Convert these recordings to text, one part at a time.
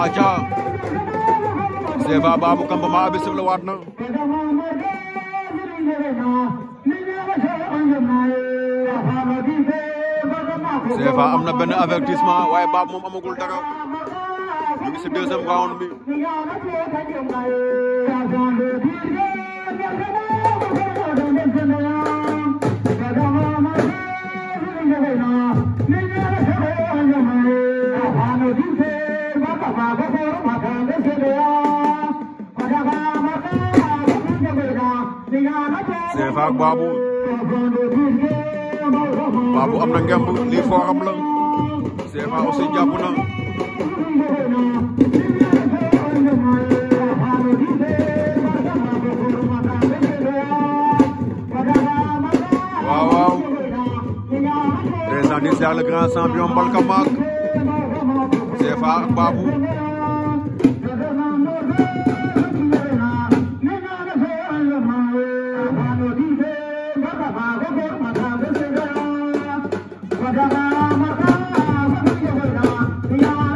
aca Seva Babou Kambalma bi sif la waat na Seva am na benn avertissement waaye Babou moom amagul dara ñu ngi si deuxième round bi CFA ak Babou Babou am na ngemb lii foo xam la CFA aussi jàpp na waaw waaw des années le grand champion Mbalka Maak CFA ak Babou غنا نام کا سن کے ورنا يا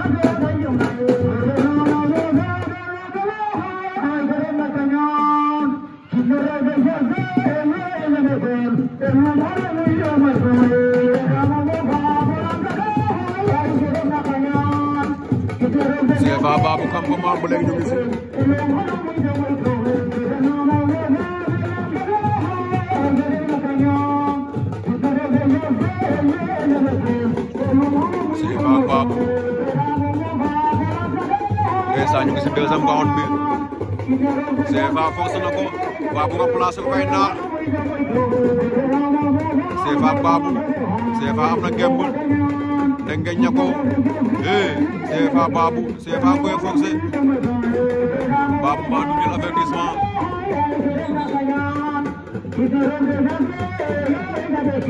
ربا کي Sëriñ Baba ndeysaan ñu ngi si deuxième round ko waa bu ko placé ko fay naar am na ngemb da ngeñ ko eh Sëriñ Baba baabu Sëriñ Baba koy forcé baabu maa dugal avertissement ma a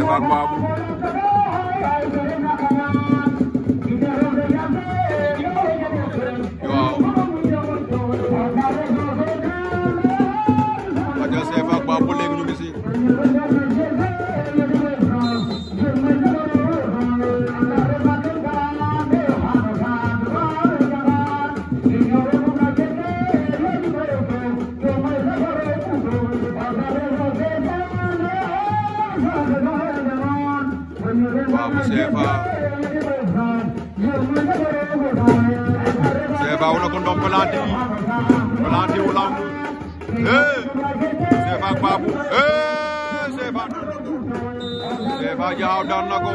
a Babu. Babu Sefa Sefa wona ko ɗon planti planti o lamdu eh. e Sefa Babu e eh, Sefa Sefa jahaw danna ko